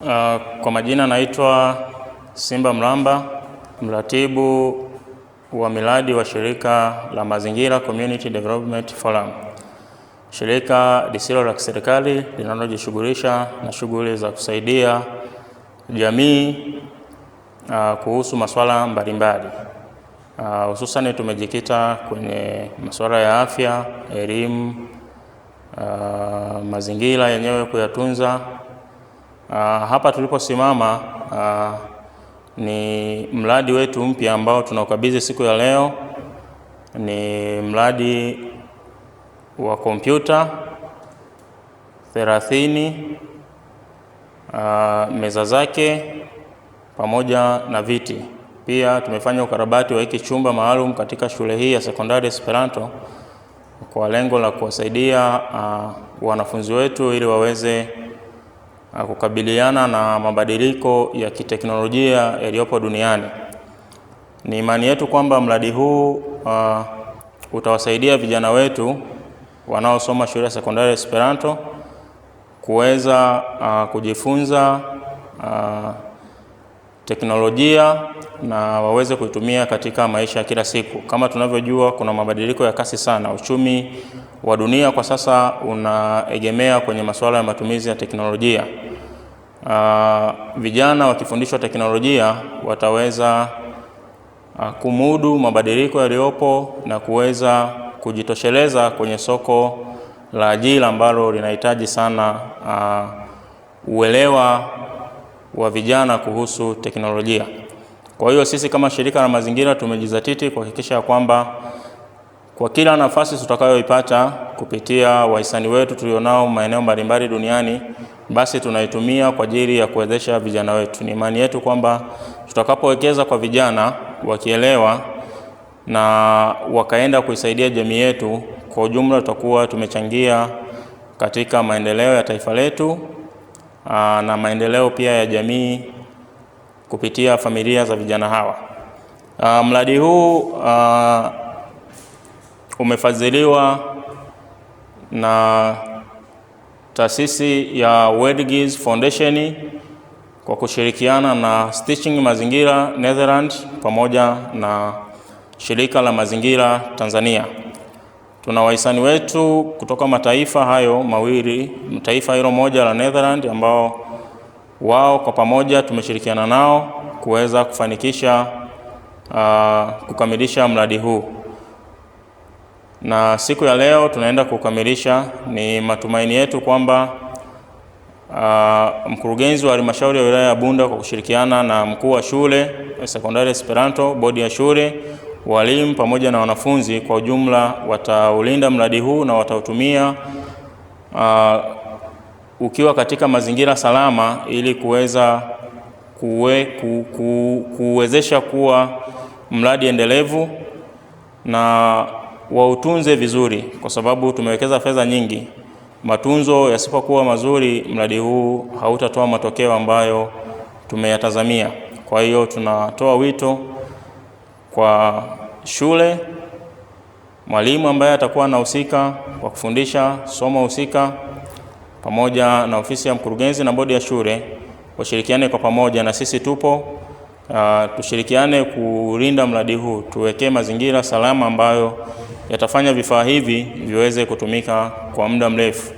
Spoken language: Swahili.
Uh, kwa majina naitwa Simba Mlamba, mratibu wa miradi wa shirika la Mazingira Community Development Forum, shirika lisilo la kiserikali linalojishughulisha na shughuli za kusaidia jamii uh, kuhusu masuala mbalimbali uh, hususani uh, tumejikita kwenye masuala ya afya, elimu, uh, mazingira yenyewe kuyatunza Uh, hapa tuliposimama uh, ni mradi wetu mpya ambao tunaukabidhi siku ya leo. Ni mradi wa kompyuta 30 uh, ah, meza zake pamoja na viti. Pia tumefanya ukarabati wa hiki chumba maalum katika shule hii ya sekondari Esperanto kwa lengo la kuwasaidia uh, wanafunzi wetu ili waweze kukabiliana na mabadiliko ya kiteknolojia yaliyopo duniani. Ni imani yetu kwamba mradi huu uh, utawasaidia vijana wetu wanaosoma shule ya sekondari Esperanto kuweza uh, kujifunza uh, teknolojia na waweze kuitumia katika maisha ya kila siku. Kama tunavyojua, kuna mabadiliko ya kasi sana. Uchumi wa dunia kwa sasa unaegemea kwenye masuala ya matumizi ya teknolojia. Uh, vijana wakifundishwa teknolojia wataweza uh, kumudu mabadiliko yaliyopo na kuweza kujitosheleza kwenye soko la ajira ambalo linahitaji sana uh, uelewa wa vijana kuhusu teknolojia. Kwa hiyo sisi kama shirika la mazingira tumejizatiti kuhakikisha kwamba kwa kila nafasi tutakayoipata kupitia wahisani wetu tulionao maeneo mbalimbali duniani, basi tunaitumia kwa ajili ya kuwezesha vijana wetu. Ni imani yetu kwamba tutakapowekeza kwa vijana, wakielewa na wakaenda kuisaidia jamii yetu kwa ujumla, tutakuwa tumechangia katika maendeleo ya taifa letu Ah, na maendeleo pia ya jamii kupitia familia za vijana hawa. Ah, mradi huu ah, umefadhiliwa na taasisi ya Werdigis Foundation kwa kushirikiana na Stitching Mazingira Netherlands pamoja na Shirika la Mazingira Tanzania. Tuna wahisani wetu kutoka mataifa hayo mawili, taifa hilo moja la Netherlands, ambao wao kwa pamoja tumeshirikiana nao kuweza kufanikisha uh, kukamilisha mradi huu, na siku ya leo tunaenda kukamilisha. Ni matumaini yetu kwamba uh, mkurugenzi wa halmashauri ya wilaya ya Bunda kwa kushirikiana na mkuu wa shule sekondari Esperanto, bodi ya shule walimu pamoja na wanafunzi kwa ujumla wataulinda mradi huu na watautumia uh, ukiwa katika mazingira salama ili kuweza kuwe, ku, ku, kuwezesha kuwa mradi endelevu na wautunze vizuri, kwa sababu tumewekeza fedha nyingi. Matunzo yasipokuwa mazuri, mradi huu hautatoa matokeo ambayo tumeyatazamia. Kwa hiyo tunatoa wito kwa shule mwalimu ambaye atakuwa anahusika kwa kufundisha somo husika pamoja na ofisi ya mkurugenzi na bodi ya shule washirikiane kwa pamoja, na sisi tupo uh, tushirikiane kulinda mradi huu, tuwekee mazingira salama ambayo yatafanya vifaa hivi viweze kutumika kwa muda mrefu.